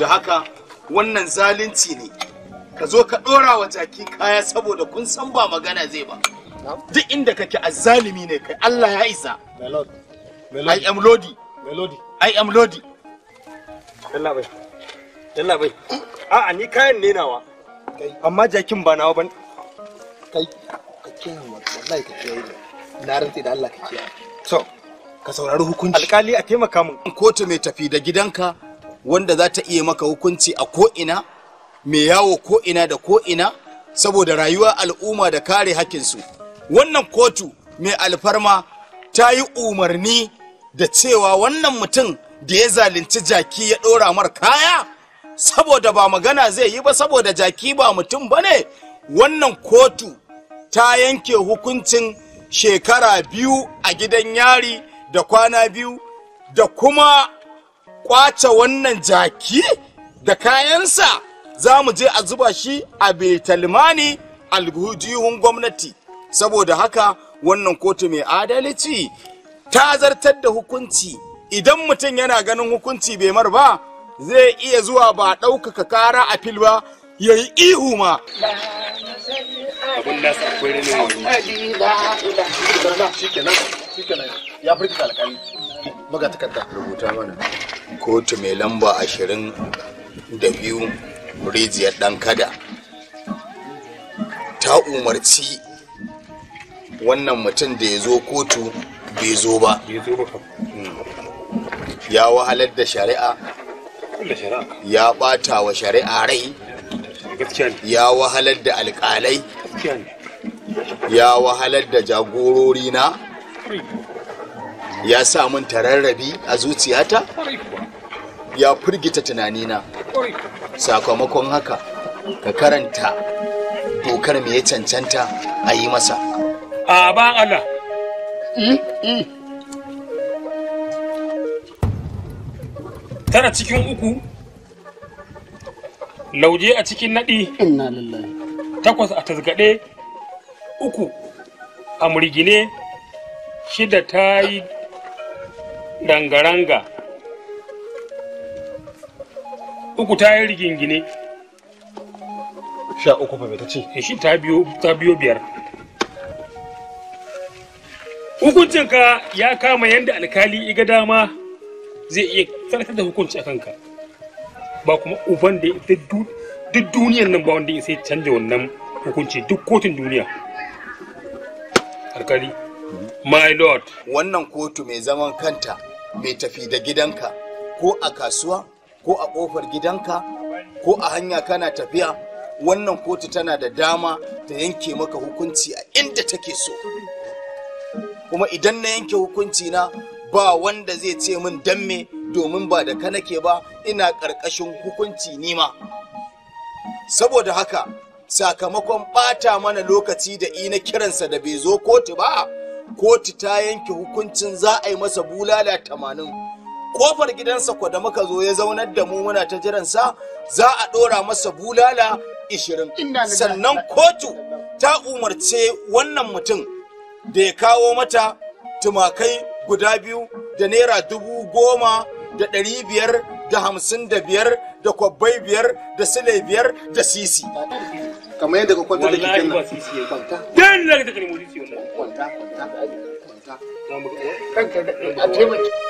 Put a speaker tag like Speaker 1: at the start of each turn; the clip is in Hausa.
Speaker 1: da haka wannan zalunci ne ka zo ka dora wa jaki kaya saboda kun san ba magana zai ba duk inda kake azzalimi ne kai Allah ya isa I am Lodi Melody. I am Lodi Allah bai
Speaker 2: Allah bai a a ni kayan ne nawa kai amma jakin ba nawa ban kai ka kiyaye wallahi ka kiyaye na rantsi da Allah ka kiyaye to
Speaker 1: ka saurari hukunci alkali a taimaka mun kotu mai tafi da gidanka wanda za ta iya maka hukunci a ko'ina mai yawo ko'ina da ko'ina saboda rayuwa al'umma da kare hakinsu wannan kotu mai alfarma ta yi umarni da cewa wannan mutum da ya zalunci jaki ya ɗora mar kaya saboda ba magana zai yi ba saboda jaki ba mutum ba ne wannan kotu ta yanke hukuncin shekara biyu a gidan yari da kwana biyu da kuma kwace wannan jaki da kayansa za mu je a zuba shi a betalmani alhujihun gwamnati saboda haka wannan kotu mai adalci ta zartar da hukunci idan mutum yana ganin hukunci bai mar ba zai iya zuwa ba ɗaukaka kara a fil ba ya yi ihu ma ya rubuta mana kotu mai lamba ashirin da biyu rijiyar ɗan kada ta umarci wannan mutum da ya zo kotu bai zo ba hmm. ya wahalar da shari'a ya ɓata wa shari'a rai ya wahalar da alƙalai ya wahalar da jagorori na ya sa ta tararrabi a zuciyata ya firgita tunanina sakamakon haka ka karanta dokar me ya cancanta a yi masa a ba Allah
Speaker 2: hmm, hmm. tara cikin uku lauje a cikin naɗi takwas a tasgaɗe uku a murgine shida ta yi rangaranga uku ta yi rigingine sha uku fa ta ce eh, shi ta biyo ta biyo biyar hukuncinka ya kama yadda alkali iga dama zai iya tsarkar da hukunci a kanka ba kuma uban da duk duniyar nan ba wanda sai canja wannan hukunci duk kotun duniya alkali my lord wannan kotu
Speaker 1: mai zaman kanta mai tafi da gidanka ko a kasuwa ko a ƙofar gidanka ko a hanya kana tafiya wannan kotu tana da dama ta yanke maka hukunci a inda take so kuma idan na yanke hukunci na ba wanda zai ce min dan domin ba da ka nake ba ina ƙarƙashin hukunci nima saboda haka sakamakon ɓata mana lokaci da ina kiransa da bai zo kotu ba kotu ta yanke hukuncin za a yi masa bulala tamanin kofar gidansa ko da muka zo ya zaunar da mu muna ta jiransa za a ɗora masa bulala ishirin sannan kotu ta umarce wannan mutum da ya kawo mata tumakai guda biyu da naira dubu goma da ɗari biyar da hamsin da biyar da kwabbai biyar da sile biyar da sisi kamar yadda ka kwanta da kikin nan
Speaker 2: kwanta dan da kwanta kwanta kwanta kanka a